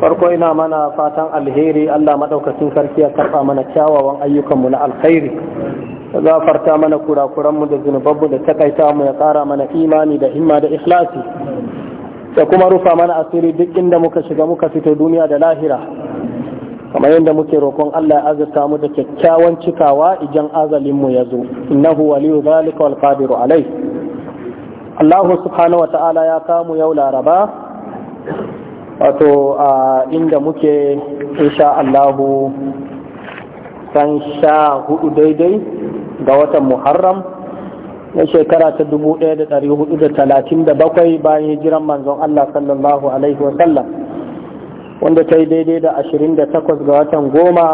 farko ina mana fatan alheri Allah maɗaukacin sarki ya karɓa mana kyawawan ayyukanmu na alkhairi gafarta mana kurakuranmu da zunubanmu da takaita mu ya ƙara mana imani da himma da ikhlasi da kuma rufa mana asiri duk inda muka shiga muka fito duniya da lahira kamar yadda muke roƙon Allah ya azurta mu da kyakkyawan cikawa idan azalinmu ya zo innahu waliyu zalika wal qadiru alai Allah subhanahu wa ta'ala ya kamu yau laraba wato a inda muke insha Allahu san sha hudu daidai ga watan Muharram na shekara ta 1437 bayan jiran manzon Allah sallallahu Alaihi wasallam wanda ta yi daidai da 28 ga watan goma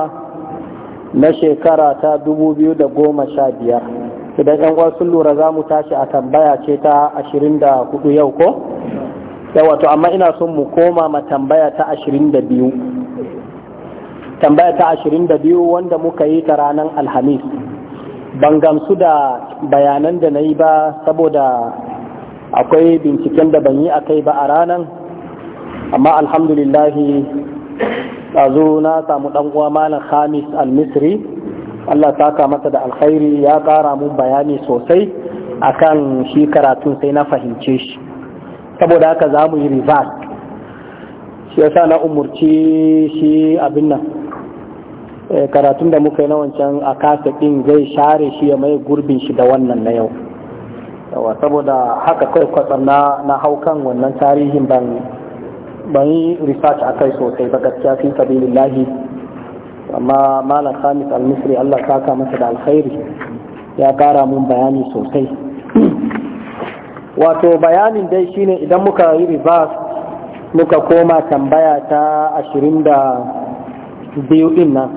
na shekara ta da goma sha 2015 idan 'yan sun lura za mu tashi a tambaya ce ta da 24 yau ko? ya wato amma ina son mu koma ma tambaya ta ashirin da biyu tambaya ta ashirin da biyu wanda muka yi ta ranar alhamis ban gamsu da bayanan da na yi ba saboda akwai binciken da ban yi a kai ba a ranar amma alhamdulillahi ɗazu na samu uwa malam hamis al-misri allah saka masa da alkhairi ya ƙara mun bayani sosai akan shi karatun sai na fahimce shi saboda haka za mu yi reverse shi yasa na umurci shi abin nan eh, karatun da muka yi na wancan a kasa ɗin zai share shi ya mai gurbin shi da wannan na yau yawa saboda haka kai kwatsam na na haukan wannan tarihin ban ban yi research a kai sosai ba gaskiya fi sabilillahi amma malam samis al-misri Allah saka masa da alkhairi ya kara mun bayani sosai wato bayanin dai shine idan muka yi reverse muka koma tambaya ta ashirin da biyu din nan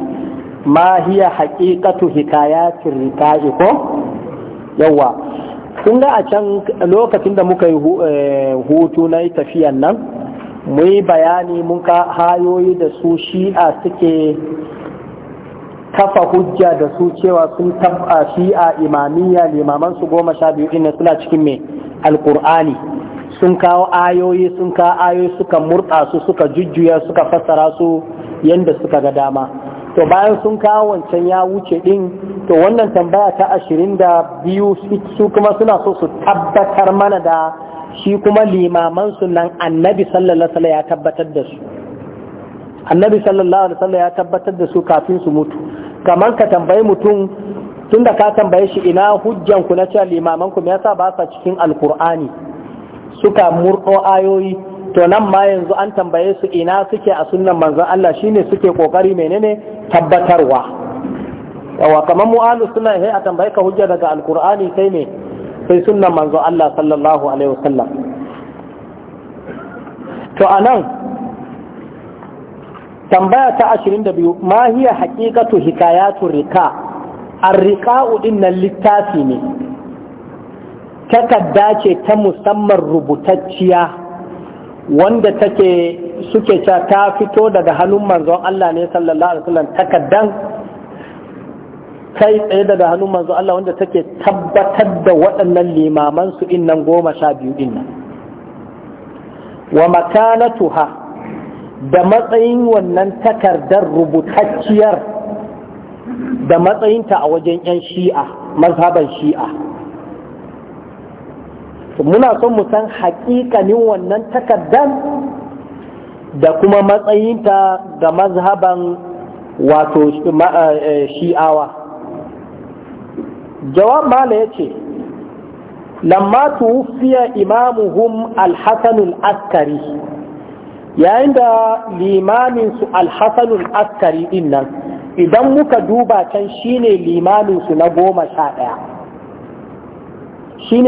ma hiya haƙiƙatu hikayatin rika'i ko yawa kun ga a can lokacin da muka yi eh, hutu na tafiyan nan mu yi bayani muka hayoyi da su shi'a suke kafa hujja da su cewa sun tabba a imamiyya limaman su goma sha biyu inda suna cikin mai alkur'ani sun kawo ayoyi sun kawo ayoyi suka murta su suka jujjuya suka fassara su yadda suka ga dama to bayan sun kawo wancan ya wuce din to wannan tambaya ta ashirin da biyu su kuma suna so su tabbatar mana da shi kuma limaman su nan annabi sallallahu alaihi ya tabbatar da su annabi sallallahu alaihi wasallam ya tabbatar da su kafin su mutu kamar ka tambayi mutum tunda ka tambaye shi ina hujjan ku na cewa limaman ku me yasa ba sa cikin alqur'ani suka murdo ayoyi to nan ma yanzu an tambaye su ina suke a sunnan manzon Allah shine suke kokari menene tabbatarwa wa kamar mu alu suna sai a tambaye ka hujja daga alqur'ani sai me sai sunnan manzon Allah sallallahu alaihi wasallam to anan tambaya ta ashirin da biyu ma hiya hikaya hikayatu rika rika riqau dinnan littafi ne takadda ce ta musamman rubutacciya wanda take suke ta ta fito daga hannun manzon Allah ne sallallahu alaihi wasallam takaddan kai tsaye daga hannun manzon Allah wanda take tabbatar da waɗannan limaman su innan goma sha biyu dinnan wa makanatuha da matsayin wannan takardar rubutacciyar da matsayinta a wajen 'yan shi'a mazhaban shi'a muna son mu san haƙiƙanin wannan takardar da kuma matsayinta ga mazhaban wato eh, eh, shi'awa jawab mala ya ce lamma tuwufiya imamuhum al-hasanul askari yayin da limaminsu su askari din nan idan muka duba can shine limamin su na goma sha ɗaya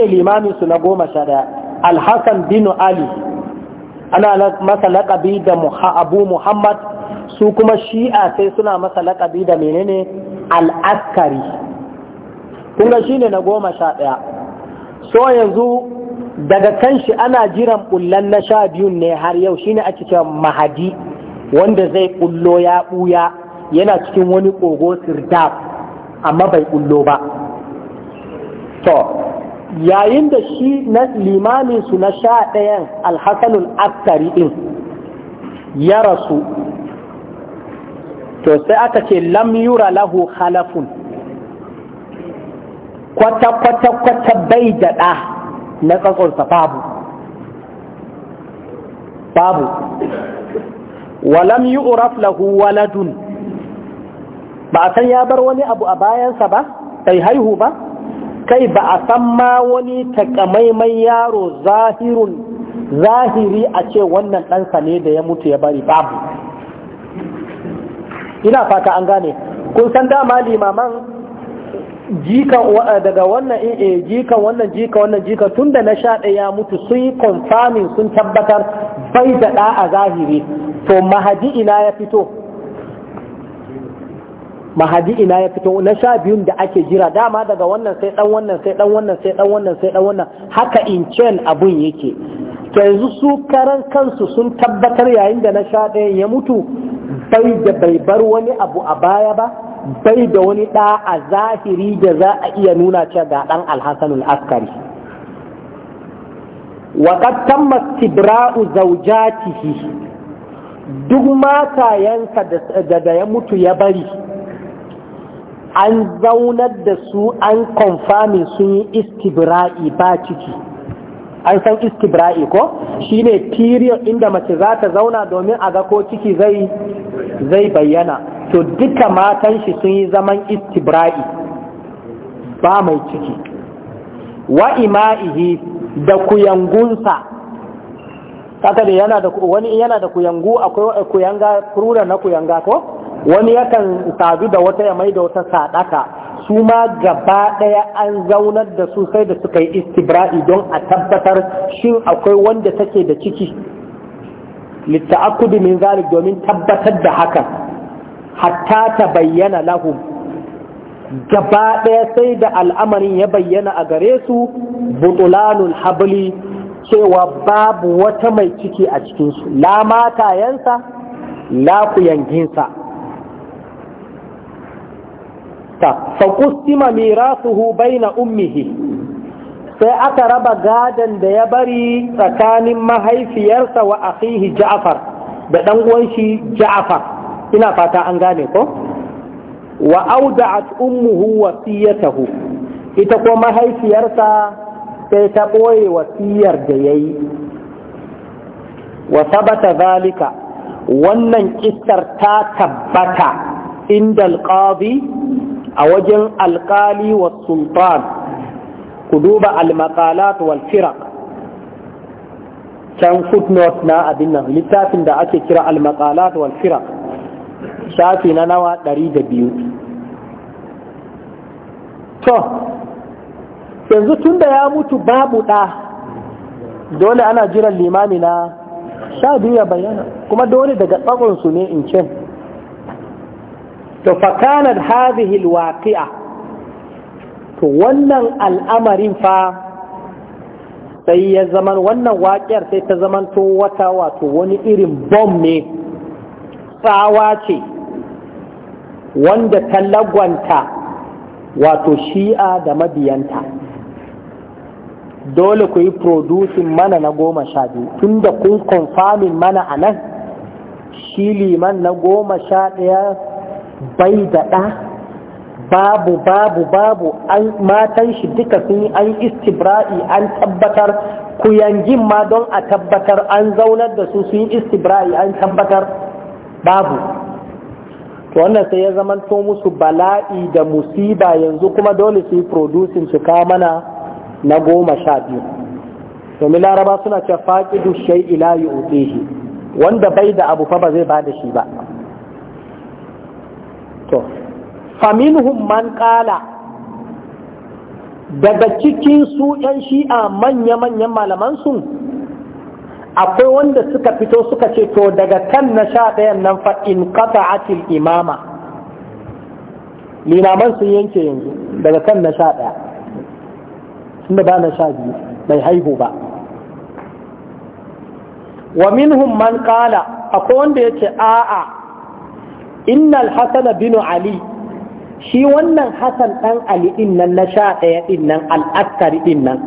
limamin su na goma sha ɗaya alhassan bin ali ana masa laƙabi da abu muhammad su kuma shi'a sai suna masa laƙabi da menene al'askari kunga shine na goma sha ɗaya so yanzu daga kan shi ana jiran bullan na sha biyun ne har yau shine a cikin mahadi wanda zai bullo ya buya yana cikin wani kogo sirdaf amma bai bullo ba to yayin da shi na limamin su na sha ɗayan alhassanul aktari ya rasu to sai aka ce lam yura lahu halafun kwata-kwata-kwata bai da ɗa na tsakonsa babu babu walam yi uraf lahu waladun ba a san ya bar wani abu a bayansa ba kai haihu ba kai ba a san ma wani takamaiman yaro zahirun zahiri a ce wannan ɗansa ne da ya mutu ya bari babu ina fata an gane kun san dama limaman jika eh, daga wannan eh, eh jika wannan jika wannan jika tunda na sha ya mutu sun yi confirming sun tabbatar bai da da a zahiri to mahadi ina ya fito mahadi ina ya fito na sha biyun da ake jira dama daga wannan sai dan wannan sai dan wannan sai dan wannan sai dan wannan haka in chain abun yake to yanzu su karan kansu sun tabbatar yayin da na sha ɗayan ya mutu bai da bai bar wani abu a baya ba bai da wani ɗa a zahiri da za a iya nuna ce ga ɗan alhassanul askari waƙad tamma tibra'u zaujatihi duk matayensa da ya mutu ya bari an zaunar da su an konfamin sun yi istibra'i ba ciki an san istibra'i ko shi ne period inda mace za ta zauna domin a ga ko ciki zai bayyana to duka matan shi sun yi zaman istibra'i ba mai ciki wa ima'ihi da kuyangunsa kaka da yana da wani yana da kuyangu akwai kuyanga furura na kuyanga ko wani yakan sadu da wata ya mai da wata sadaka su ma gaba ɗaya an zaunar da su sai da suka yi istibra'i don a tabbatar shin akwai wanda take da ciki litta'akkudi min zalik domin tabbatar da haka hatta ta bayyana lahu gaba ɗaya sai da al'amarin ya bayyana a gare su butulanul habli cewa babu wata mai ciki a cikinsu la matayensa la kuyanginsa ta faƙustima mirasuhu baina ummihi sai aka raba gadon da ya bari tsakanin mahaifiyarsa wa akhihi ja'far da ɗan uwan shi ja'far ina fata an gane ko wa auda'at ummuhu wasiyatahu ita ko mahaifiyarsa sai ta ɓoye wasiyar da yayi wa sabata zalika wannan kissar ta tabbata inda alqadi a wajen alkali wa sultan ku duba almakalat wal firak can footnote na abin nan littafin da ake kira almakalat wal firak shafi na nawa ɗari da biyu to yanzu tun da ya mutu babu ɗa dole ana jiran limami na sha biyu ya bayyana kuma dole daga tsakonsu ne in ce to fakanar hadhihi alwaqi'a to wannan al'amarin fa sai ya zaman wannan waƙiyar sai ta zamanto wata wato wani irin bom ne tsawa ce wanda ta lagwanta wato shi'a da mabiyanta dole ku yi producing mana na goma sha biyu tun da kun konfamin mana a nan shi liman na goma sha ɗaya bai da ɗa babu babu babu an matan shi duka sun yi an istibra'i an tabbatar ku yangin ma don a tabbatar an zaunar da su sun yi istibra'i an tabbatar babu to wannan sai ya zamanto musu bala'i da musiba yanzu kuma dole su yi producing su mana na goma sha biyu domin laraba suna cewa faƙidu shai ila yi wanda bai da abu fa ba zai ba da shi ba to faminhum man qala daga cikin su yan shi'a manya-manyan malaman su akwai wanda suka fito suka ce to daga kan na sha ɗayan nan fa in qata'atil imama limaman sun yanke yanzu daga kan na sha ɗaya tunda ba na sha biyu bai haihu ba wa minhum man qala akwai wanda yace a'a innal hasan bin ali shi wannan hasan dan ali din nan na sha ɗaya din nan al'askari din nan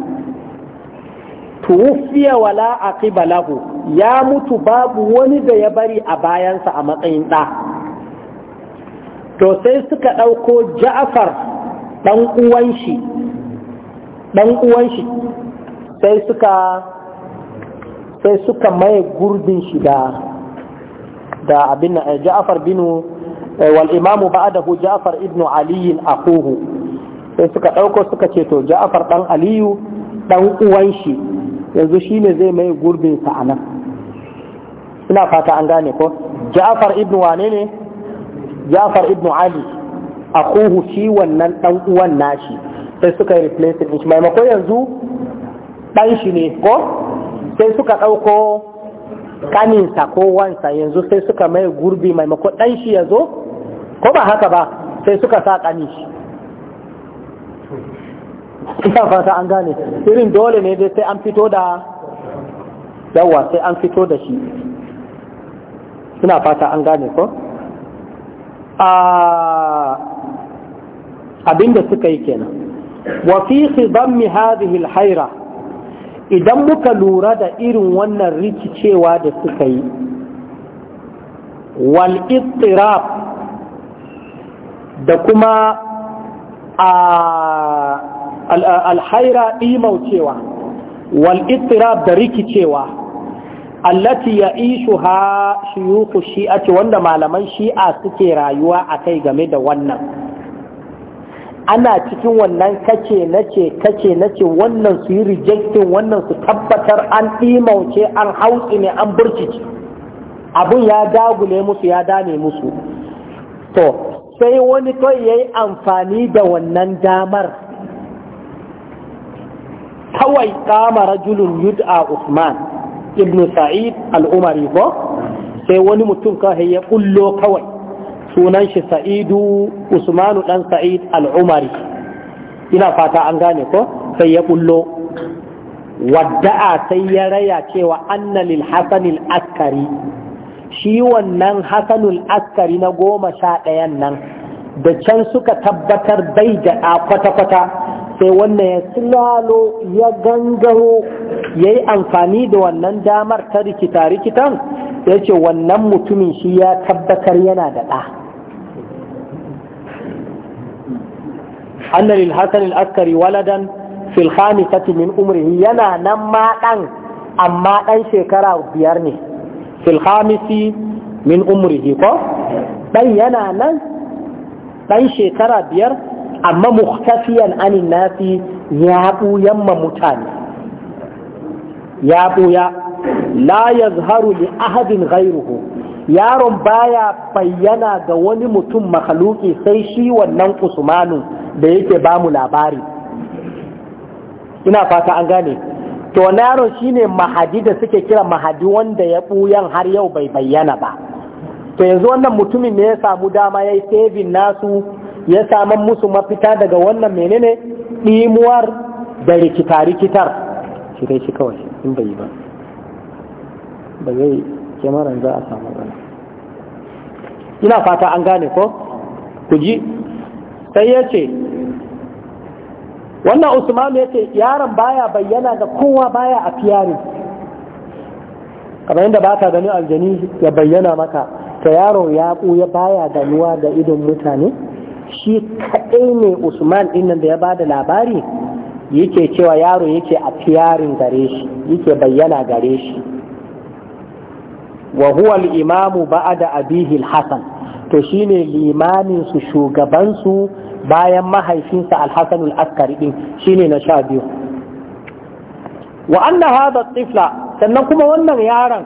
tuwfiya wala aqiba lahu ya mutu babu wani da ya bari a bayansa a matsayin ɗa to sai suka ɗauko ja'far ɗan uwan shi ɗan uwan shi sai suka sai suka maye gurbin shi da da abin eh, Ja'far bin eh, wal imamu ba'dahu Ja'far ibn Ali akuhu sai suka dauko suka ce to Ja'far dan Aliyu dan uwan shi yanzu shine zai mai gurbin sa anan ina fata an gane ko Ja'far ibn wane ne Ja'far ibn Ali akuhu shi wannan dan uwan nashi sai suka yi replacing shi maimakon yanzu dan shi ne ko sai suka dauko kaninsa ko wansa yanzu sai suka mai gurbi maimako ɗan shi ya zo ko ba haka ba sai suka sa ƙani? shi ina fata an gane irin dole ne dai sai an fito da yawa sai an fito da shi ina fata an gane ko abinda suka yi kenan wa fi khidammi hadhihi al-hayra idan muka lura da irin wannan rikicewa da suka yi wal ittirab da kuma alhaira imaucewa wal ittirab da rikicewa allati ya ishu ha shi shi'aci wanda malaman shi'a suke rayuwa a kai game da wannan ana cikin wannan kace nace kace nace wannan su yi rejecting wannan su tabbatar an ɗimauce an hausi ne an burkici abin ya dagule musu ya dame musu to sai wani kai ya yi amfani da wannan damar kawai kama rajulun yud'a usman ibn sa'id al'umari ko sai wani mutum kawai ya kullo kawai sunan shi sa'idu usmanu dan sa'id al'umari ina fata an gane ko sai ya bullo wadda'a sai ya raya cewa anna lil hasan askari shi wannan hasanul askari na goma sha ɗayan nan da can suka tabbatar bai da kwata-kwata sai wannan ya silalo ya gangaro ya yi amfani da wannan damar ta rikita-rikitan ya ce wannan mutumin shi ya tabbatar yana da ɗa anna lil al askari waladan fil khamisati min umrihi yana nan ma dan amma dan shekara biyar ne fil min umrihi ko yana nan dan shekara biyar amma mukhtafiyan anin nasi ya buyan ma mutane ya buya la yazharu li ahadin ghayruhu yaron baya bayyana ga wani mutum makhaluki sai shi wannan usmanu da yake ba mu labari ina fata an gane to wannan yaron shine mahadi da suke kira mahadi wanda ya buyan har yau bai bayyana ba to yanzu wannan mutumin ne ya samu dama ya yi saving nasu ya saman musu mafita daga wannan menene ɗimuwar da rikita-rikitar shi kawai in bai ba ba kyamaran za a samu ina fata an gane ko ku ji sai ya ce wannan usman ya ce yaron baya bayyana ga kowa baya a fiyari kamar yadda ba ka gani aljani ya bayyana maka ta yaro ya ya baya ganuwa da idon mutane shi kaɗai ne usman ɗinnan da ya ba da labari yake cewa yaro yake a fiyarin gare shi yake bayyana gare shi wa huwa al-imamu ba'da abihi al-hasan to shine limamin su shugaban su bayan mahaifinsa al-hasan al-askari din shine na sha biyu wa anna hadha tifla sannan kuma wannan yaron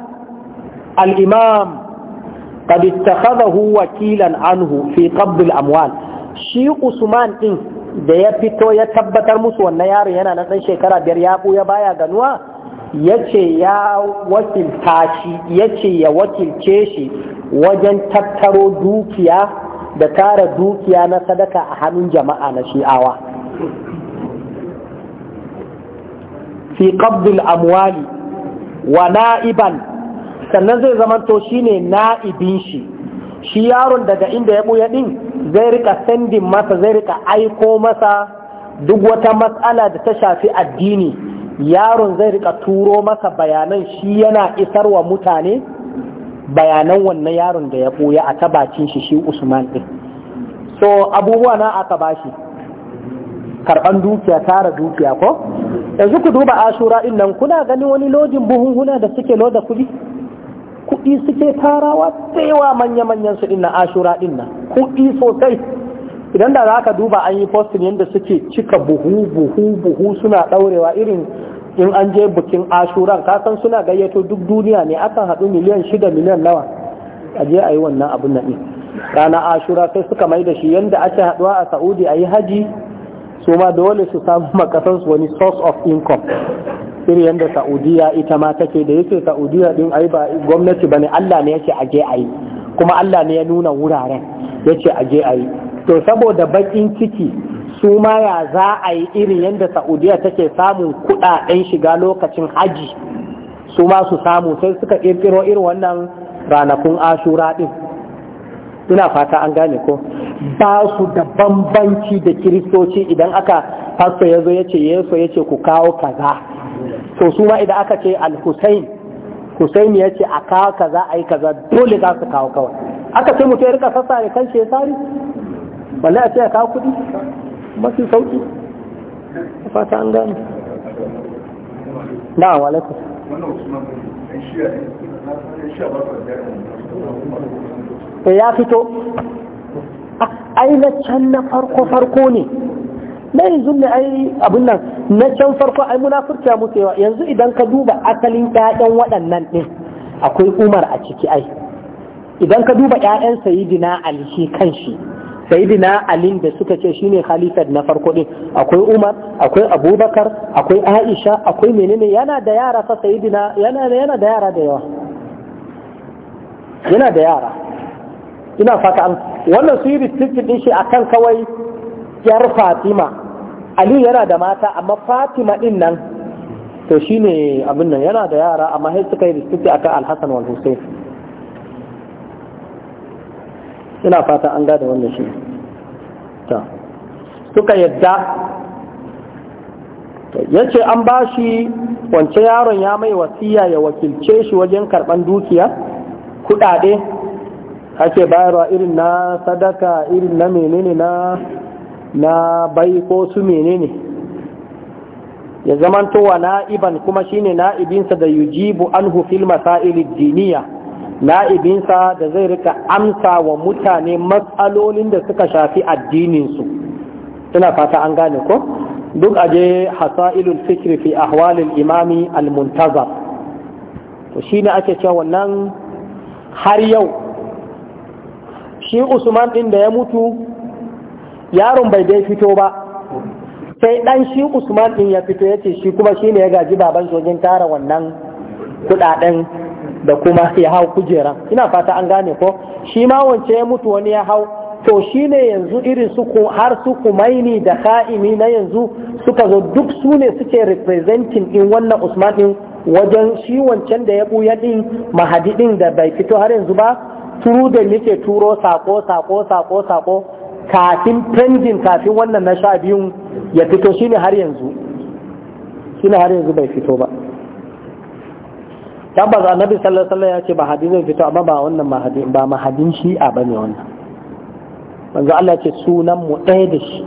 al-imam qad ittakhadahu wakilan anhu fi qabd al-amwal shi usman din da ya fito ya tabbatar musu wannan yaro yana na dan shekara biyar ya buya baya ganuwa ya ce ya wakilta shi ya ya wakilce shi wajen tattaro dukiya da tara dukiya na sadaka a hannun jama'a na shi'awa fi qabdil amwali wa na'iban sannan zai zamanto shine na'ibin shi shi yaron daga inda ya buya din zai rika sendin masa zai rika aiko masa duk wata matsala da ta shafi addini yaron zai rika turo masa bayanan shi yana isar wa mutane bayanan wannan yaron da ya ɓoye a bacin shi shi usman ɗin so abubuwa na aka bashi karɓan dukiya tara dukiya ko yanzu ku duba ashura ɗin nan kuna ganin wani lodin buhunhuna da suke loda kuɗi kuɗi suke tarawa tsewa manya-manyan su ɗin na ashura ɗin nan kuɗi sosai idan da za ka duba an yi postin yadda suke cika buhu buhu buhu suna ɗaurewa irin in an je bukin ashuran kasan suna gayyato duk duniya ne akan haɗu miliyan shida miliyan nawa a je a yi wannan abin nan rana ashura sai suka mai da shi yadda ake haɗuwa a saudi a yi haji su ma dole su samu makasansu wani source of income irin yadda saudiya ita ma take da yake saudiya din ai ba gwamnati ba ne allah ne yake je a yi kuma allah ne ya nuna wuraren yace je a yi to saboda bakin ciki su ma ya za a yi irin yadda saudiya take samun kudaden shiga lokacin haji su ma su samu sai suka kirkiro irin wannan ranakun ashura din ina fata an gane ko ba su da bambanci da kiristoci idan aka fasto ya zo ya ce yeso ya ce ku kawo kaza to su ma idan aka ce al-husain ya ce a kawo kaza a yi kaza dole za su kawo kawai aka ce mutum ya rika sassa ne kan shi ya balle a ce ya kawo kuɗi mafi sauki fata an gane na walaikum eh, ya fito ai na can na farko farko ne na yanzu ne ai abin nan na can farko ai munafurci musu yawa yanzu idan ka duba asalin ƴaƴan waɗannan ɗin akwai umar a ciki ai idan ka duba ƴaƴan sayidina ali shi kan shi sayidina Ali da suka ce shine khalifat na farko din akwai umar akwai abubakar akwai aisha akwai menene yana da yara fa sayidina yana yana da yara da yawa yana da yara ina fata an wannan su yi restricted din shi akan kawai yar fatima ali yana da mata amma fatima din nan to shine abin nan yana da yara amma sai suka yi restricted akan alhassan wal husayn ina fata an gada wannan shi ta suka yadda ya ce an ba shi wance yaron ya mai wasiya ya wakilce shi wajen karɓan dukiya kudade ake bayarwa irin na sadaka irin na menene na na bai ko su menene ya zamantowa na'iban kuma shine na'ibinsa da yujibu anhu fil masail diniya na'ibinsa da zai rika amsa wa mutane matsalolin da suka shafi addininsu ina fata an gane ko duk aje hasailul fikri fi ahwalil imami al-muntazar to shine ake cewa wannan har yau shi usman din da ya mutu yaron bai dai fito ba sai dan shi usman din ya fito yace shi kuma shine ya gaji baban shogin tara wannan kudaden da kuma ya hau kujera ina fata an gane ko shi ma wance ya mutu wani ya hau to shi ne yanzu irin su har su kumaini da ka'imi na yanzu suka zo duk su ne suke representing din wannan usman din wajen shi wancan da ya buya din mahadi din da bai fito har yanzu ba turu da yake turo sako sako sako sako kafin pending kafin wannan na sha biyun ya fito shine har yanzu shine har yanzu bai fito ba tabbas annabi sallallahu alaihi ya ce ba zai fito amma ba wannan mahadin ba mahadin a bane wannan manzo Allah ce sunan mu ɗaya da shi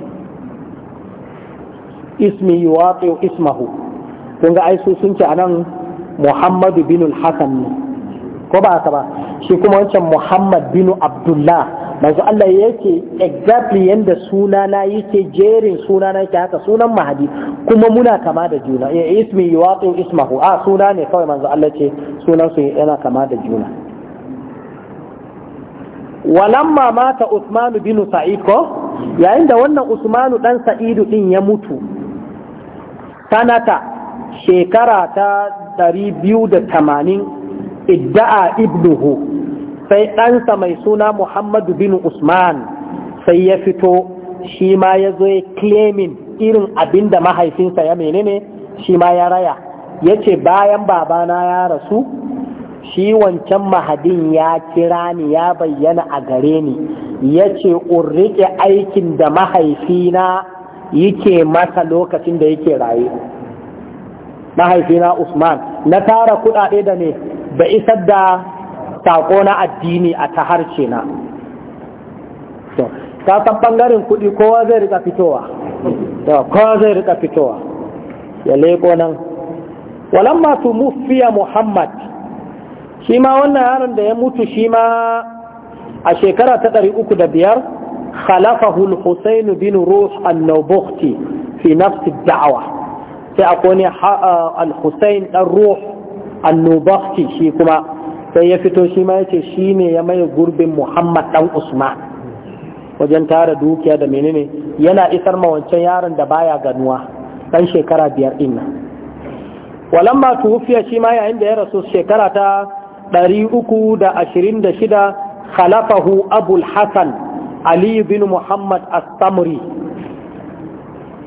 ismi yuwaqi'u ismahu kun ga ai su sun ce anan Muhammadu bin al-Hasan ne ko ba haka ba shi kuma wancan Muhammad bin Abdullah manzo Allah yake exactly yanda sunana yake jerin na yake haka sunan mahadi kuma muna kama da juna ya ismi yuwatu ismahu a suna ne kawai manzo Allah ce sunan su yana kama da juna walamma mata Usmanu bin Sa'id ko yayin da wannan Usmanu dan Sa'idu din ya mutu sanata shekara ta 280 idda'a ibnuhu sai ɗansa mai suna muhammadu bin usman sai ya fito shi ma ya zo ya claiming irin abin da mahaifinsa ya menene shi ma ya raya ya ce bayan babana ya rasu shi wancan mahadin ya kira ni ya bayyana a gare ni ya ce riƙe aikin da mahaifina yake masa lokacin da yake raye mahaifina usman na tara kuɗaɗe da ne ba isar da saƙo na addini a ta harce na ta san kuɗi kowa zai rika fitowa kowa zai rika fitowa ya nan walamma su mufiya muhammad shi ma wannan yaron da ya mutu shi ma a shekara ta ɗari uku da biyar khalafahu al bin ruh an-nawbukhti fi nafsi da'awa sai akwai ne uh, al-husayn dan ruh an shi kuma sai ya fito shi ma yace shi ne ya maye gurbin Muhammad dan Usman wajen tara dukiya da menene yana isar ma wancan yaron da baya ganuwa dan shekara biyar din nan walamma tuwfiya shi ma yayin da ya rasu shekara ta 326 khalafahu Abul Hasan Ali bin Muhammad As-Samri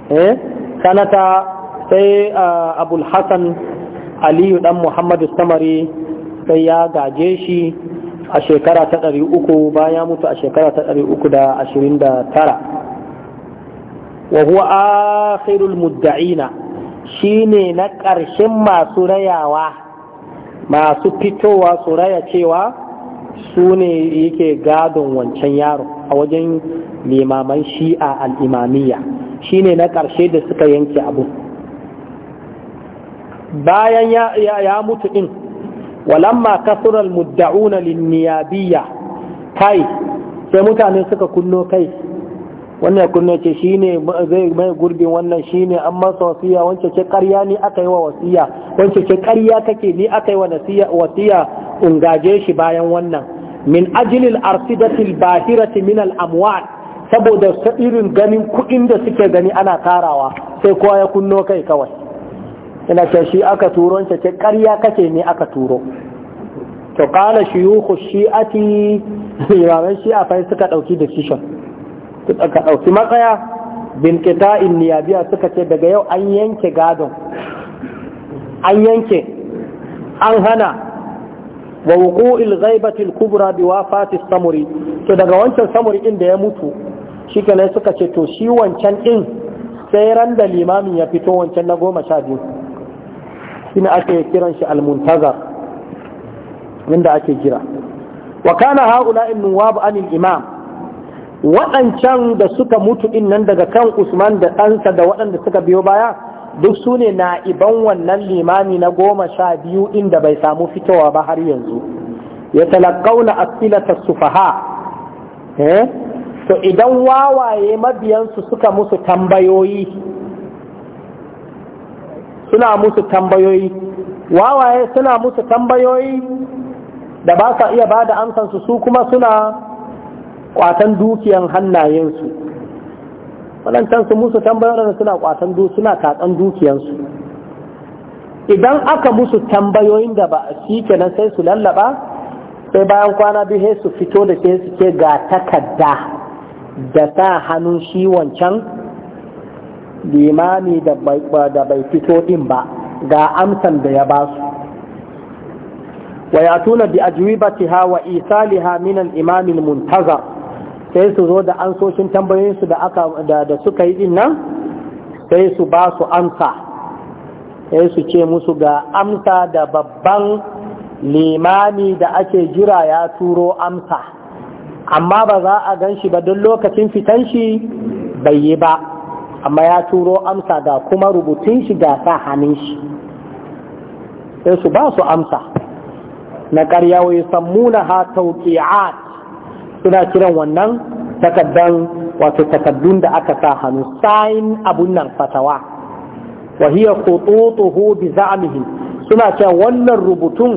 eh sanata sai ah, Abul Hasan Aliyu dan Muhammadu Samari sai ya gaje shi a shekara ta ɗari uku bayan mutu a shekara ta ɗari uku da ashirin da tara wa huwa akhirul mudda'ina shine na ƙarshen masu rayawa masu fitowa su raya cewa su ne yake gadon wancan yaro a wajen limaman shi'a al'imamiyya shine na ƙarshe da suka yanke abu bayan ya mutu ɗin walamma kasura mudda'una linniyabiyya kai sai mutane suka kunno kai wannan kunno ce shine zai mai gurbin wannan shine an masa wasiya wance ce ƙarya ni aka yi wa wasiya wance ce ƙarya kake ni aka yi wa wasiya ungaje shi bayan wannan min ajilil arsidatil bahirati min al amwal saboda irin ganin kuɗin da suke gani ana karawa sai kowa ya kunno kai kawai ina ce shi aka turo ta ce ƙarya kake ne aka turo to kala shiyuhu shi'ati shi a fa suka dauki decision suka dauki matsaya bin qita'in niyabiya suka ce daga yau an yanke gadon an yanke an hana wa wuqu'il ghaibati al-kubra bi wafati samuri to daga wancan samuri din da ya mutu shikenan suka ce to shi wancan din sai ran da limamin ya fito wancan na goma sha biyu shine ake kiran shi al-muntazar inda ake jira wa kana haula in nuwab an imam waɗancan da suka mutu din nan daga kan Usman da ɗansa da waɗanda suka biyo baya duk sune ne iban wannan limami na goma sha biyu inda bai samu fitowa ba har yanzu ya talakauna asilata sufaha eh to idan wawaye mabiyansu suka musu tambayoyi suna musu tambayoyi wawaye suna musu tambayoyi da ba sa iya ba da amsansu su kuma suna kwatan dukiyan hannayensu waɗancan su musu tambayoyin suna kwatan dukiyan suna tatsan dukiyansu idan aka musu tambayoyin da ba shi kenan sai su lallaba sai bayan kwana biyu su fito da ke su ke ga takarda da sa hannun shi wancan limami da bai fito din ba ga amsan da ya basu Waya tuna bi ajwibatiha wa isaliha min al-imam muntazar sai su zo da ansoshin tambayoyin su da aka da suka yi din nan sai su ba su amsa sai su ce musu ga amsa da babban limami da ake jira ya turo amsa amma ba za a gan shi ba don lokacin fitan shi bai yi ba amma ya turo amsa ga kuma rubutun shi ga sa hannun shi sai su ba su amsa na ƙarya wai yusammuna ha tawqi'at suna kiran wannan takaddan wato takaddun da aka sa hannu sayin abun nan fatawa wa hiya khututuhu bi za'mihi suna cewa wannan rubutun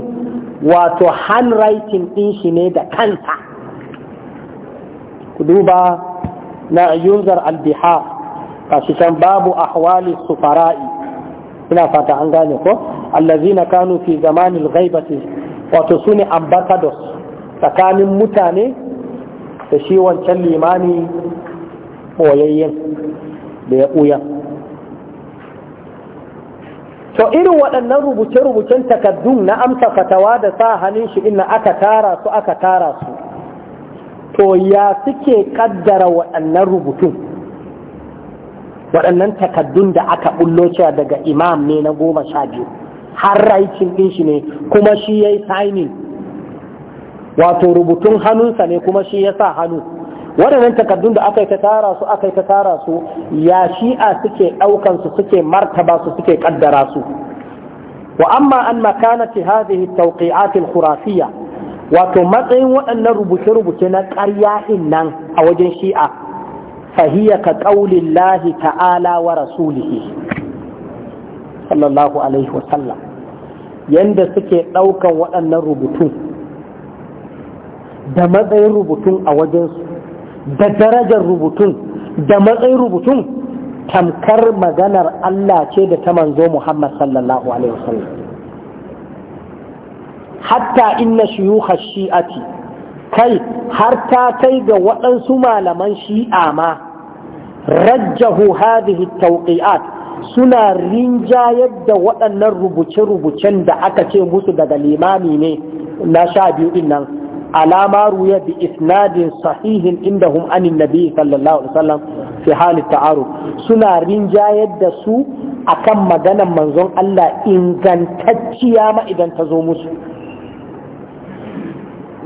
wato handwriting ɗin shi ne da kansa ku duba na yunzar al-bihar a babu ahwali sufara'i ina fata an gane ko allazina kanu fi zamanil ghaibati wato sune ambassadors tsakanin mutane da shi wancan limani koyayyen da ya ɓuya to irin waɗannan rubuce-rubucen takaddun na amsa fatawa da sa hannun shi inna aka tara su aka tara su to ya suke kaddara waɗannan rubutun waɗannan takaddun da aka bullo cewa daga imam ne na goma sha biyu har raikin ɗin shi ne kuma shi ya yi signing wato rubutun hannunsa ne kuma shi ya sa hannu waɗannan takaddun da aka yi ta tara su aka yi ta tara su ya shi'a suke ɗaukan su suke martaba su suke ƙaddara su wa amma an makana hadhihi tawqi'at al-khurafiyya wato matsayin waɗannan rubuce-rubuce na ƙarya nan a wajen shi'a fahiya ka ƙaulin lahi ta'ala wa rasulihi sallallahu alaihi wasallam yanda suke ɗaukan waɗannan rubutun da matsayin rubutun a wajensu da darajar rubutun da matsayin rubutun tamkar maganar Allah ce da ta manzo Muhammad sallallahu alaihi wasallam hatta inna shuyukh shi'ati kai har ta kai ga waɗansu malaman shi'a ma rajjahu hadhihi tawqi'at suna rinjayar da waɗannan rubuce-rubucen da aka ce musu daga limami ne na sha biyu din nan alama ruya bi isnadin sahihin indahum anin nabi sallallahu alaihi wasallam fi hali ta'aruf suna rinjayar da su akan maganan manzon Allah ingantacciya ma idan ta zo musu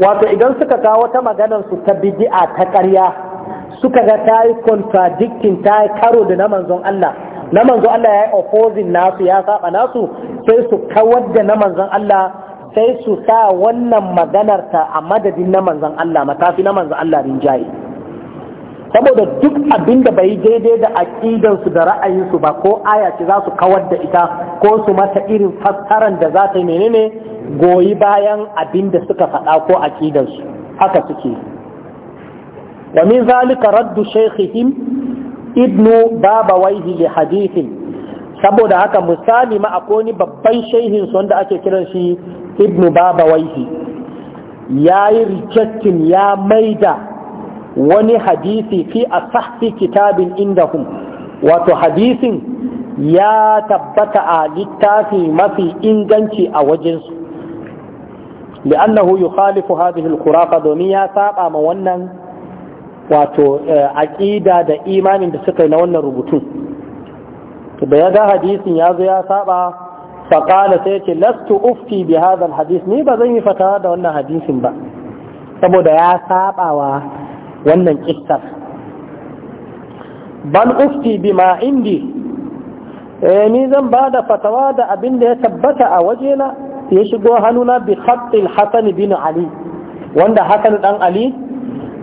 wato idan suka kawo wata maganan su ta bid'a ta ƙarya suka ga ta yi contradicting ta yi karo da na manzon Allah na manzon Allah ya yi opposing nasu ya saba nasu sai su kawar da na manzon Allah sai su sa wannan maganar ta a madadin na manzon Allah matafi na manzon Allah rinjaye saboda duk abin da bai daidai da aƙidansu da ra'ayinsu ba ko aya ce za su kawar da ita ko su mata irin fassaran da za ta yi menene goyi bayan abin da suka faɗa ko aƙidansu haka suke wa min zalika raddu shaykhihim ibnu babawaihi li saboda haka misali ma akwai wani babban shehin wanda ake kiran shi ibnu baba ya yi rejectin ya maida wani hadisi fi a sahfi kitabin indahum wato hadisin ya tabbata a littafi mafi inganci a wajensu li'annahu yukhalifu hadhihi al-khurafa domin ya saba ma wannan wato eh, aƙida da imanin da suka yi na wannan rubutun da ya ga hadisin ya zo ya saba faƙala sai ce lastu ufti bi hadal hadis ni ba zan yi fatawa da wannan hadisin ba saboda ya saba wa wannan kistar Ban ufti bi ma indi eh ni zan ba da fatawa da abin da ya tabbata a wajena ya shigo hannuna bi khattil hasan bin ali wanda hasan dan ali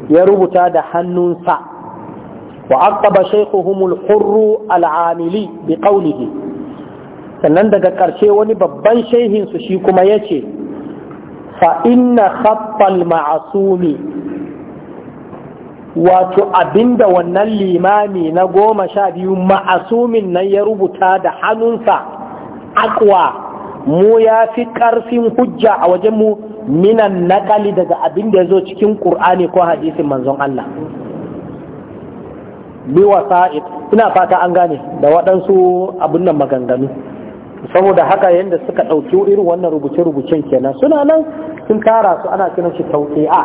ya rubuta da hannunsa wa aqaba shaykhuhum al humul al-amili bi qawlihi sannan daga ƙarshe wani babban shehin su shi kuma yace fa inna khaffal ma'sumi wato abinda wannan limami na goma sha biyu ma'asumin nan ya rubuta da hannunsa akwa mu ya fi ƙarfin hujja a wajen mu minan naƙali daga abin da ya zo cikin ƙur'ani ko hadisin manzon Allah Sa'id ina fata an gane da waɗansu abin nan maganganu saboda haka yadda suka ɗauki irin wannan rubuce-rubucen kenan suna nan sun tara su ana kiran shi tauƙi'a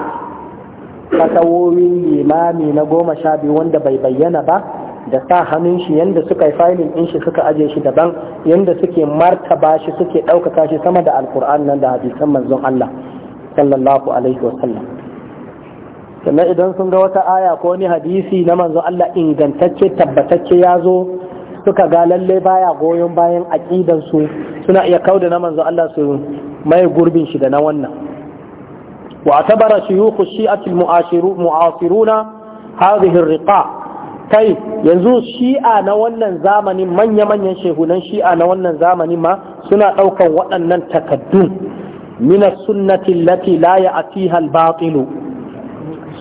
fasawoyin limami na goma sha biyu wanda bai bayyana ba da sa hannun shi yadda suka yi filin in shi suka ajiye shi daban yadda suke martaba shi suke ɗaukaka shi sama da alkur'an nan da hadisan manzon Allah sallallahu alaihi wasallam sannan idan sun ga wata aya ko wani hadisi na manzon Allah ingantacce tabbatacce ya zo suka ga lalle baya goyon bayan aqidan su suna iya kauda na manzon Allah su mai gurbin shi da na wannan wa atabara shuyukh shi'ati al-mu'asiruna hadhihi ar-riqa' kai yanzu shi'a na wannan zamanin manya-manyan shehunan shi'a na wannan zamanin ma suna ɗaukan waɗannan takaddun mina sunnati lati la ya'tiha al-batil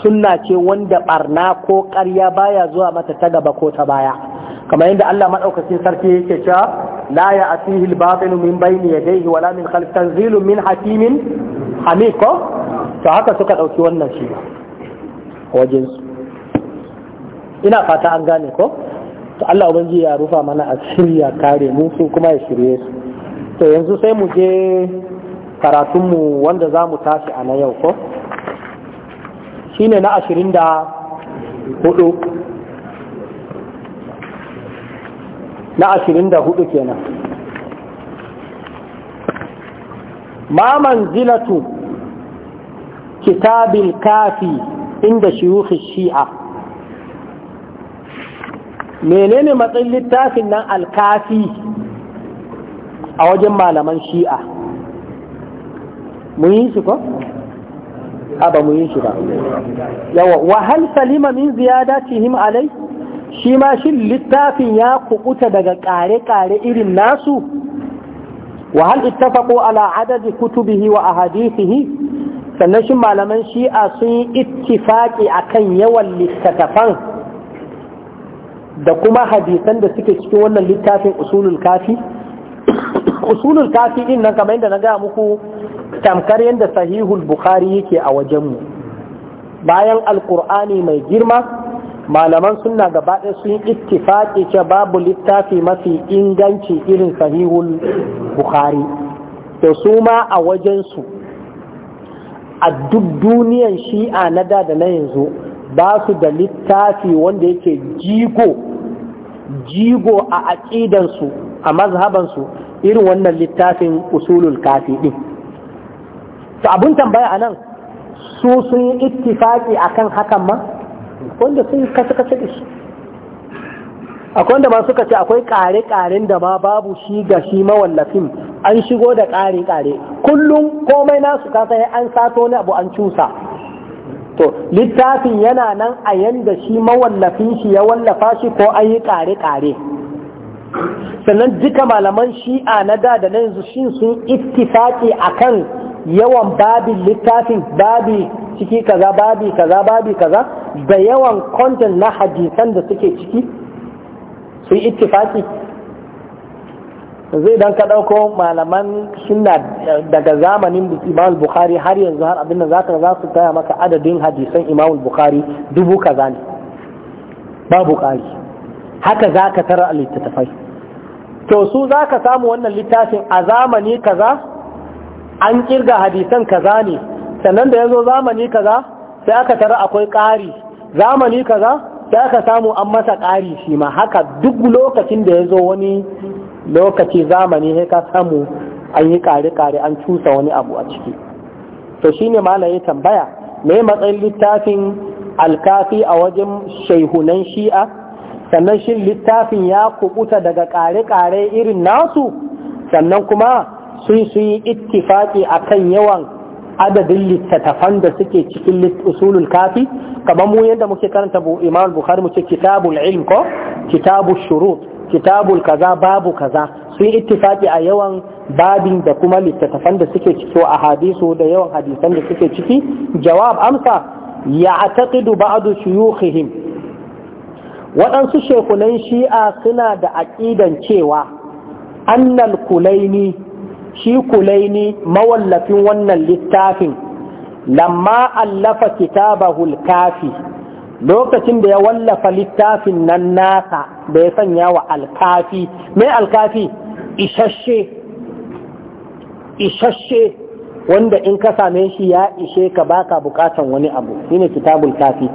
sunna ce wanda barna ko ƙarya baya zuwa mata ta gaba ko ta baya kamar yadda Allah madaukakin sarki yake cewa la ya al-batil min bayni yadayhi wala min khalfi tanzilun min hakimin hamid to haka suka ɗauki wannan shi wajensu ina fata an gane ko to Allah ubangi ya rufa mana asiri ya kare mu su kuma ya shirye su to yanzu sai mu je karatunmu wanda za mu tashi a na yau ko shine na ashirin da hudu na ashirin da hudu kenan ma manzilatu kitabin kafi inda shiyuhi shi'a menene matsayin littafin nan alkafi a wajen malaman shi'a mun yi shi ko? ba mun yi shi ba yawa wahal salima min ziyada cihim alai shi ma shi littafin ya kukuta daga kare-kare irin nasu wahal ittafaqu ala adadi kutubihi wa ahadithihi sannan shi malaman shi'a sun yi ittifaki akan yawan littattafan da kuma hadisan da suke cikin wannan littafin usulul kafi usulul kafi din nan kamar yadda na gaya muku tamkar yadda sahihul bukhari yake a wajen mu bayan alkur'ani mai girma malaman sunna gaba ɗaya sun ittifaqi ce babu littafi mafi inganci irin sahihul bukhari da su ma a wajen su a duk duniyan shi'a na da da na yanzu ba su da littafi wanda yake jigo jigo a aƙidansu a mazhabansu irin wannan littafin usulul kafi din to abun tambaya anan su sun yi ittifaki akan hakan ma wanda sun kasa kasa da shi akwai wanda ma suka ce akwai ƙare-ƙaren da ma babu shi ga shi mawallafin an shigo da ƙare-ƙare kullum komai nasu kasa an sato ne abu an cusa to littafin yana nan a yanda shi mawallafin shi ya wallafa shi ko an yi kare-kare sannan duka malaman shi'a na da da na yanzu shi sun ittifaki akan yawan babin littafin babi ciki kaza babi kaza babi kaza da yawan content na hadisan da suke ciki sun ittifaki zai dan ka dauko malaman sunna daga zamanin imam bukhari har yanzu har abin da za su gaya maka adadin hadisan imam bukhari dubu kaza ne babu ƙari haka za ka tara a littattafai to su za ka samu wannan littafin a zamani kaza an kirga hadisan kaza ne sannan da ya zo zamani kaza sai aka tara akwai ƙari zamani kaza sai aka samu an masa ƙari shi ma haka duk lokacin da ya zo wani lokaci zamani sai ka samu an yi kare-kare an cusa wani abu a ciki to shine malam ya tambaya me matsayin littafin alkafi a wajen shaihunan shi'a sannan shin littafin ya kubuta daga kare-kare irin nasu sannan kuma sun su yi ittifaki kan yawan adadin littattafan da suke cikin usulul kafi kamar mu yadda muke karanta imam bukhari mu ce kitabul ilm ko kitabul shurut kitabul kaza babu kaza sun ittifaki a yawan babin da kuma littattafan da suke ciki a hadisu da yawan hadisan da suke ciki jawab amsa ya ataqidu ba'du shuyukhihim waɗansu shekunan shi'a suna da aƙidan cewa annal kulaini shi kulaini mawallafin wannan littafin lamma allafa kitabahul kafi lokacin da ya wallafa littafin nan nasa da ya sanya wa alkafi mai alkafi isasshe isasshe wanda in ka same shi ya ishe ka baka bukatan wani abu shine kitabul kafi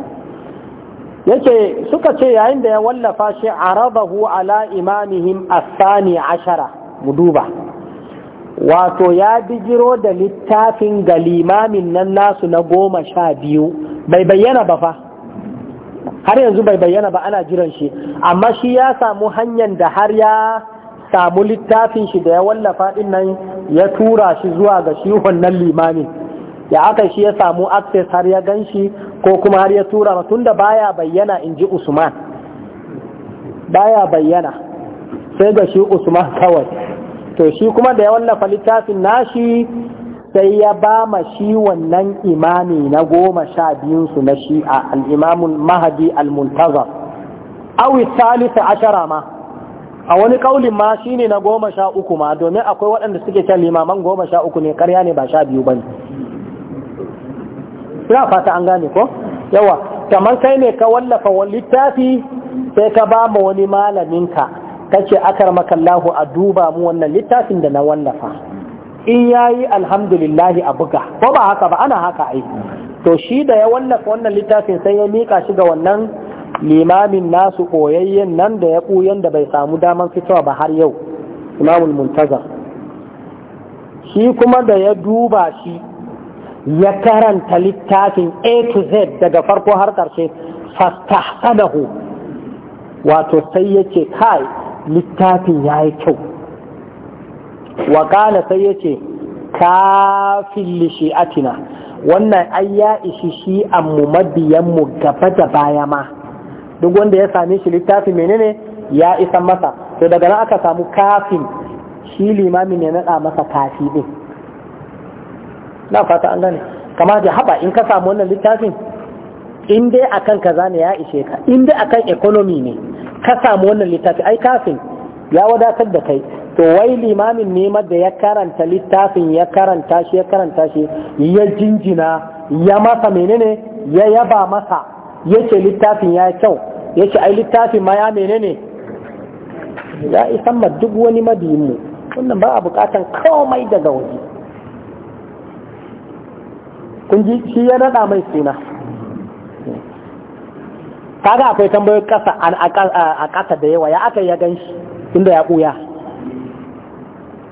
yake suka ce yayin da ya wallafa shi arabahu ala imamihim asani ashara mu duba wato ya bigiro da littafin ga limamin nan nasu na goma sha biyu bai bayyana ba fa har yanzu bai bayyana ba ana jiran shi amma shi ya samu hanyar da har ya samu littafin shi da ya wallafa din nan ya tura shi zuwa ga shi wannan limamin ya aka shi ya samu access har ya gan shi ko kuma har ya tura tunda da baya bayyana in ji usman baya bayyana sai ga shi usman kawai to shi kuma da ya wallafa littafin nashi sai ya ba ma shi wannan imami na goma sha biyunsu na shi'a al'imamun mahadi al-muntazar awi salisa ashara ma a wani kaulin ma shi ne na goma sha uku ma domin akwai waɗanda suke can limaman goma sha uku ne karya ne ba sha biyu ba ne ina fata an gane ko yawa kamar kai ne ka wallafa wani littafi sai ka ba ma wani malaminka kace akar makallahu a duba mu wannan littafin da na wallafa in yayi alhamdulillahi a buga ko ba haka ba ana haka ai to shi da ya wallafa wannan littafin sai ya mika shi ga wannan limamin nasu koyayyen nan da ya ɓuyan da bai samu daman fitowa ba har yau imamul muntazar shi kuma da ya duba shi ya karanta littafin a to z daga farko har karshe fastahsanahu wato sai ya ce kai littafin yayi kyau wa kala sai ce kafin lishe Atina wannan ai ya ishi shi mu mabiyan mu gaba da baya ma duk wanda ya sami shi littafi menene ya isa masa to daga nan aka samu kafin shi limamin ya naɗa masa kafi din na fata an gane kama da haba in ka samu wannan littafin in dai akan kaza ne ya ishe ka in dai akan economy ne ka samu wannan littafi ai kafin ya wadatar da kai to wai limamin ne da ya karanta littafin ya karanta shi ya karanta shi ya jinjina ya masa menene ya yaba masa yace littafin ya kyau yace ai littafin ma ya menene ya isan ma duk wani madimu mu wannan ba a bukatan komai daga waje kun ji shi ya nada mai suna kaga akwai tambayoyi kasa a kasa da yawa ya aka ya ganshi shi tunda ya ɓuya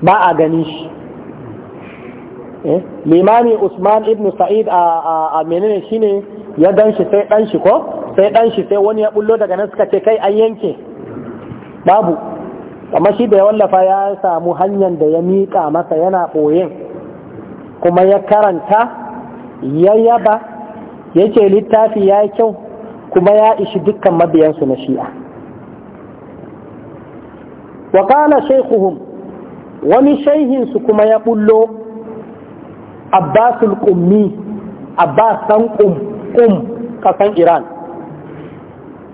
ba a gani shi eh? limami usman ibn sa'id a menene shine ya dan sai dan ko sai dan sai wani ya bullo daga nan suka ce kai an yanke babu amma shi da ya wallafa ya samu hanyar da ya miƙa masa yana ɓoyen kuma ya karanta ya yaba ya ce littafi ya kyau kuma ya ishi dukkan mabiyansu na shi'a wa qala wani shaihinsu kuma ya bullo abbasul qummi abbas dan ƙasan iran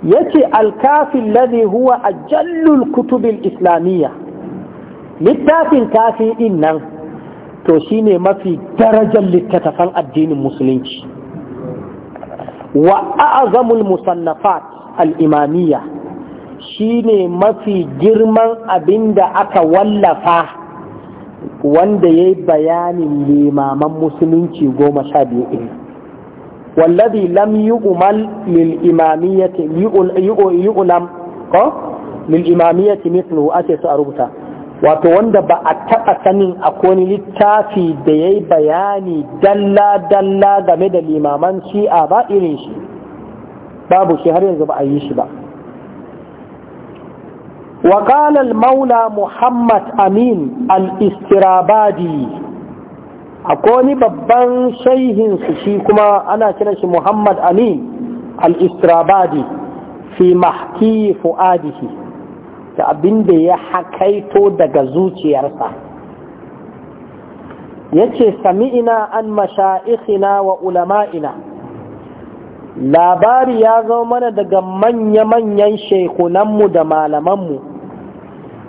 yace alkafi kafi alladhi huwa ajallul kutubil islamiyya littafin kafi din to shine mafi darajar littattafan addinin musulunci wa a'zamul musannafat al-imamiyya shine mafi girman abin da aka wallafa wanda ya yi bayanin limaman musulunci goma sha biyu ɗin wallabi lam yi umar lil'imamiyyati imamiyyati a ce ko su a rubuta wato wanda ba a taɓa sanin akwai littafi da ya yi bayani dalla-dalla game da limaman shi'a ba irin shi babu shi har yanzu ba a yi shi ba وقال المولى محمد أمين الاسترابادي أكوني ببان شيهن سشيكما أنا كنش محمد أمين الاسترابادي في محكي فؤاده abin da ya hakaito daga zuciyarsa ya ce sami'ina an masha'ikhina wa ulama'ina labari ya zo mana daga manya-manyan shekunanmu da malamanmu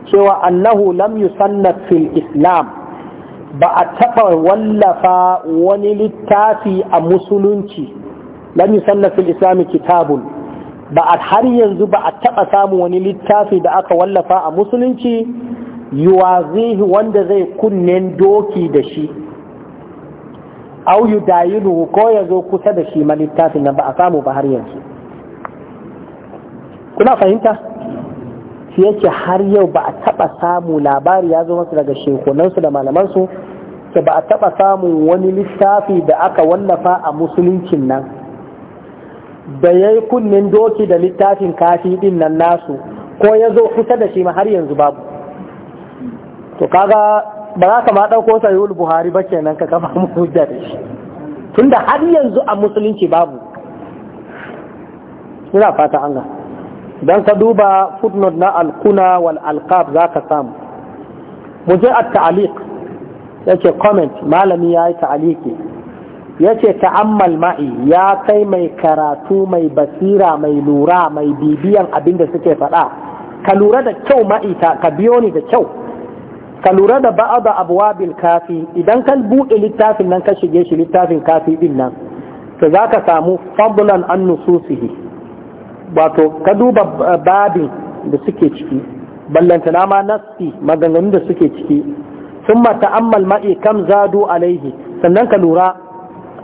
cewa annahu lam yusannat fil islam ba a taɓa wallafa wani littafi a musulunci lam yusannat fil islam kitabun ba a har yanzu ba a taɓa samun wani littafi da aka wallafa a musulunci yuwazihi wanda zai kunne doki da shi au yudayinuhu ko ya zo kusa da shi ma littafin nan ba a samu ba har yanzu kuna fahimta shi yake har yau ba a taɓa samu labari ya zo masu daga shekunansu da malamansu ke ba a taɓa samun wani littafi da aka wallafa a musuluncin nan da ya yi kunnen doki da littafin kafi ɗin nan nasu ko ya zo kusa da shi ma har yanzu babu to kaga ba za ka ma ɗauko sayul buhari ba kenan ka kafa mu hujja da shi tunda har yanzu a musulunci babu ina fata an ga dan ka duba footnote na alkuna wal alqab ka samu mu je a ta'liq yace comment malami ya yayi ta'liqi yace ta'ammal ma'i ya kai mai karatu mai basira mai lura mai bibiyan abinda suke faɗa ka lura da kyau ma'i ta ka biyo ni da kyau ka lura da ba'da abwabil kafi idan ka buɗe littafin nan ka shige shi littafin kafi din nan to zaka samu fadlan an nususihi wato ka duba eh, babin da suke ciki ballantana ma nasi maganganu da suke ciki sun ta'ammal ma'i kam zadu alaihi sannan ka lura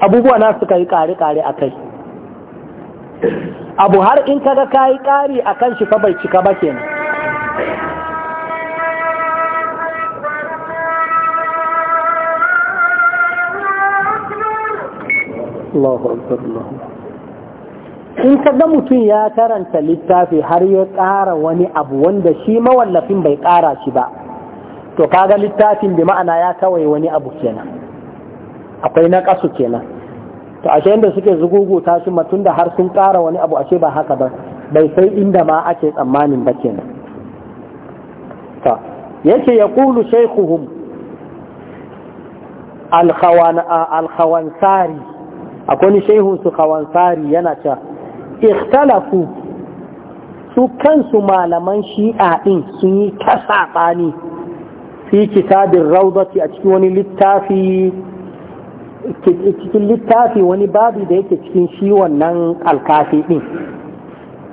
abubuwa na suka yi kare-kare a kai abu har in kaga ka yi kari a kan shi fa bai cika ba kenan Allahu Allahu in ka ga mutum ya karanta littafi har ya ƙara wani abu wanda shi mawallafin bai ƙara shi ba to kaga littafin bi ma'ana ya kawai wani abu kenan akwai na ƙasu kenan to ashe inda suke zuguguta shi mutum da har sun ƙara wani abu ashe ba haka ba bai sai inda ma ake tsammanin ba kenan ta yake ya kulu shaykhuhum al akwai ni su khawansari yana cewa ikhtalafu su kansu malaman shi'a din sun yi ta saɓani fi kitabin raudati a cikin wani littafi cikin littafi wani babi da yake cikin shi wannan alkafi ɗin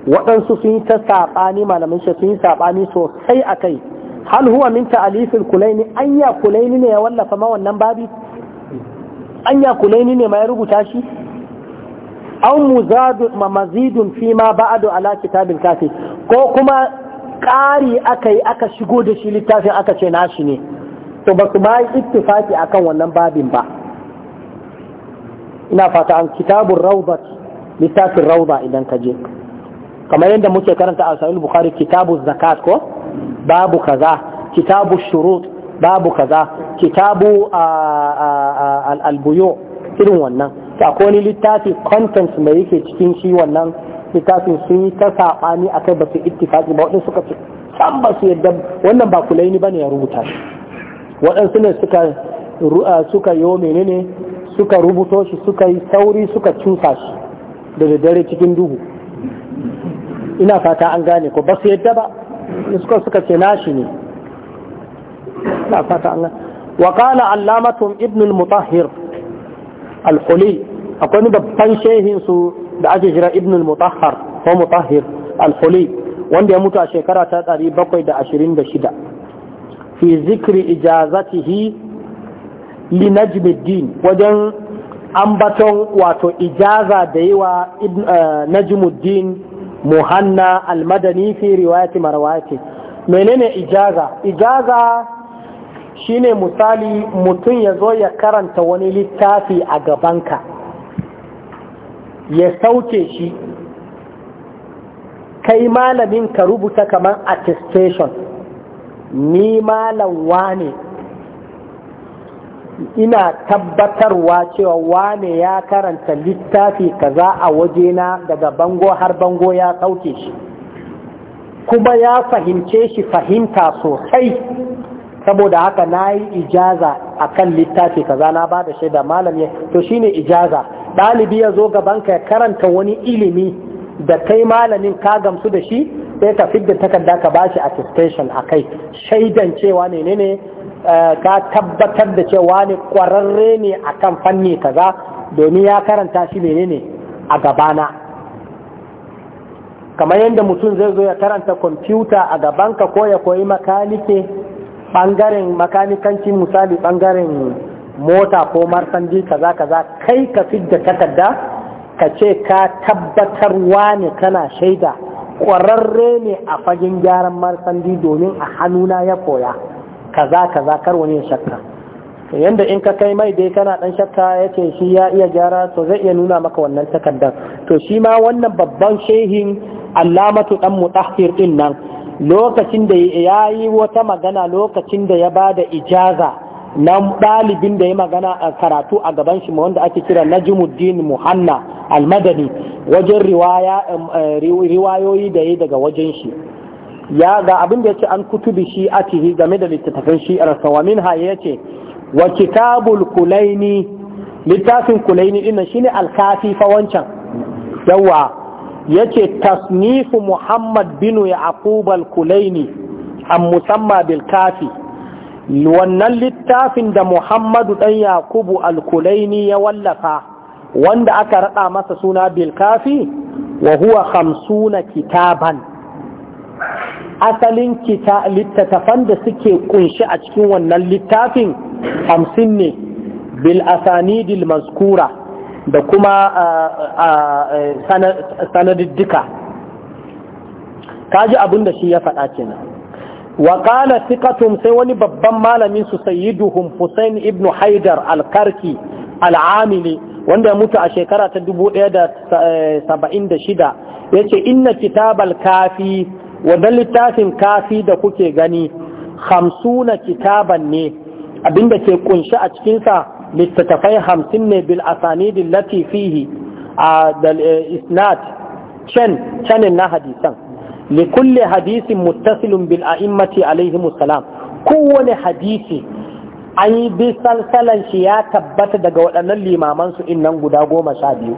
waɗansu sun yi ta saɓani malamin shi sun yi saɓani sosai a kai hal huwa min ta'alifil kulaini anya kulaini ne ya wallafa ma wannan babi anya kulaini ne ma ya rubuta shi aw muzadu mazidun fi ma ba'du ala kitabil kafi ko kuma ƙari aka yi aka shigo da shi littafin aka ce nashi ne to ba su ma yi ittifaki akan wannan babin ba ina fata an kitabun rawdat littafin idan ka je kamar yadda muke karanta al sahih bukhari kitabu zakat ko babu kaza kitabu shurut babu kaza kitabu al-buyu irin wannan ta wani littafi contents mai yake cikin shi wannan littafin sun yi ta saɓani a kai ba su ittifaki ba waɗansu suka ce can ba su yadda wannan ba kulaini ba ne ya rubuta shi waɗansu ne suka suka wa menene suka rubuto shi suka yi sauri suka cusa shi da daddare cikin duhu ina fata an gane ko ba su yadda ba suka suka ce nashi ne ina fata an gane wa kana allamatun ibnul mutahhir al akwai babban shehin su da ake jira ibn al-mutahhar ko mutahhir wanda ya mutu a shekara ta 726 fi zikri ijazatihi li najmuddin wajen ambaton wato ijaza da yi wa eh, najmuddin muhanna al-madani fi menene ijaza ijaza shine misali mutum ya zo ya karanta wani littafi a gabanka ya sauke shi kai malamin ka rubuta kamar attestation ni malam wane ina tabbatarwa cewa wane ya karanta littafi kaza a waje na daga bango har bango ya sauke shi kuma ya fahimce shi fahimta sosai saboda haka na yi ijaza a kan littafi kaza na ba da shaida malam ya to shine ijaza ɗalibi ya zo gabanka ya karanta wani ilimi da kai malamin ka gamsu da shi sai ka fidda takarda ka bashi attestation a kai shaidan cewa ne ne eh, ka tabbatar da cewa ne kwararre ne akan fanni kaza domin ya karanta shi ne ne a gabana kamar yadda mutum zai zo ya karanta kwamfuta a gabanka ko ya koyi makanike Bangaren makanikanci misali bangaren mota ko martandi kaza kaza kai ka fidda takarda ka ce ka tabbatarwa ne kana shaida ƙwararre ne a fagen gyaran martandi domin a hannuna ya koya kaza kaza kar wani shakka yanda in ka kai mai dai kana dan shakka yace shi ya iya gyara to zai iya nuna maka wannan takardar to shi ma wannan babban shehin allamatu dan mutahhir din nan lokacin da ya yi wata magana lokacin da ya ba da ijaza na ɗalibin da ya magana a karatu a gaban shi wanda ake kira Najmuddin Muhanna Almadani wajen eh, riwayoyi da ya daga wajen shi ya ga abin da yace an kutubi shi a tihi game da littattafan shi arsa wa minha yace wa kitabul kulaini littafin kulaini shi shine alkafi fa wancan yawa yace tasnifu muhammad binu yaqub al-kulaini an musamma bil kafi wannan littafin da muhammadu dan Yakubu al-kulaini ya wallafa wanda aka rada masa suna bil kafi wa huwa khamsuna kitaban asalin kita littattafan da suke kunshi a cikin wannan littafin hamsin ne bil asanidil mazkura da kuma sanadiddika kaji abin da shi ya faɗa kenan wa qala thiqatum sai wani babban malamin su sayyiduhum Hussein ibn Haidar al-Karki al-Amili wanda ya mutu a shekara ta 1076 e, yace inna kitabal kafi wannan littafin kafi da kuke gani 50 kitaban ne abinda ke kunshi a cikinsa littattafai hamsin ne bil asanidin lati fihi a isnad can canin na hadisan li kulle hadisin muttasilun bil a'immati alaihi musalam kowane hadisi an yi bi salsalan shi ya tabbata daga waɗannan limaman su nan guda goma sha biyu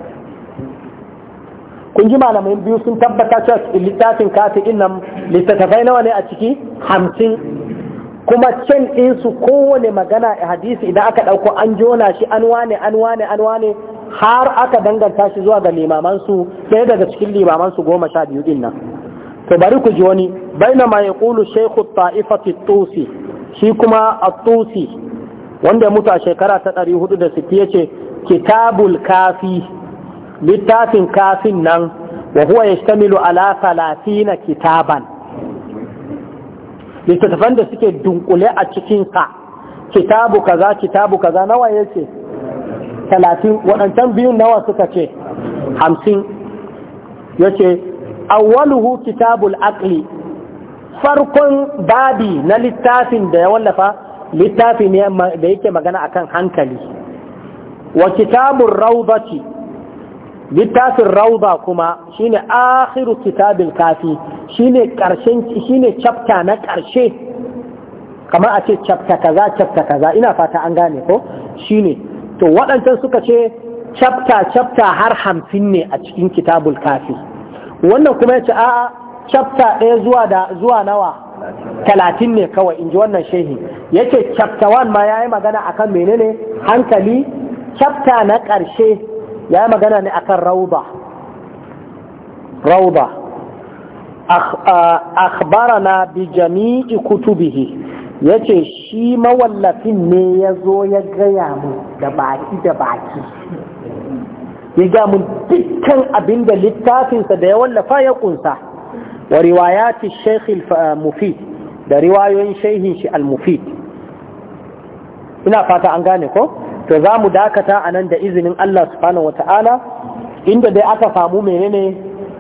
kun ji malamai biyu sun tabbata cewa littafin kafi innan littattafai nawa ne a ciki hamsin kuma can ɗinsu kowane magana a hadisi idan aka ɗauko an jona shi an wane an wane an wane har aka danganta shi zuwa ga limamansu ɗaya daga cikin limamansu goma sha biyu ɗin nan to bari ku ji wani baina ma ya ƙulu shekhu ta'ifati tusi shi kuma a tusi wanda mutu a shekara ta ɗari hudu da sittin ce, kitabul kafi littafin kafin nan wa huwa yashtamilu ala talatina kitaban littattafan da suke dunkule a cikinsa kitabu kaza kitabu kaza nawa ya ce talatin waɗancan biyun nawa suka ce hamsin ya ce awwaluhu kitabul akli farkon babi na littafin da ya wallafa littafi ne da yake magana akan hankali wa kitabun raubati littafin rauba kuma shine akhiru kitabin kafi shine karshen shine chapter na karshe kamar a ce chapter kaza chapter kaza ina fata an gane ko shine to waɗancan suka ce chapter chapter har hamsin ne a cikin kitabul kafi wannan kuma ya ce a chapter ɗaya zuwa da zuwa nawa talatin ne kawai in ji wannan shehi ya ce chapter 1 ma ya yi magana akan menene hankali chapter na ƙarshe ya yi magana ne akan rauda rauda akhbarana bi jami'i kutubihi yace shi mawallafin ne ya zo ya gaya mu da baki da baki ya ga dukkan abin da littafinsa da ya wallafa ya kunsa wa riwayati shaykh al-mufid da riwayoyin shaykhin shi al-mufid ina fata an gane ko to za mu dakata a nan da izinin Allah subhanahu wata'ala inda dai aka samu menene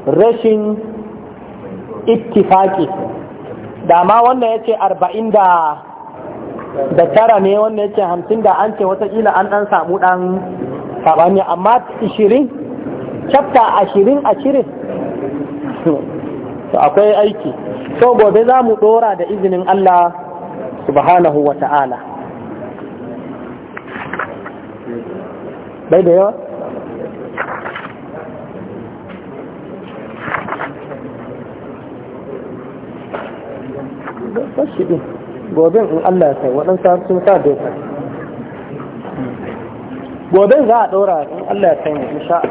rashin ittifaki dama wannan ya ce arba'in da da tara ne wannan ya ce hamsin da an ce watakila an dan samu dan sabani amma ishirin chapter ashirin ashirin to akwai aiki so gobe za mu ɗora da izinin Allah subhanahu wata'ala bai da yawa shi ɗin gobe in Allah sai waɗansa sun sa doka gobe za a ɗora in Allah ya ne in Allah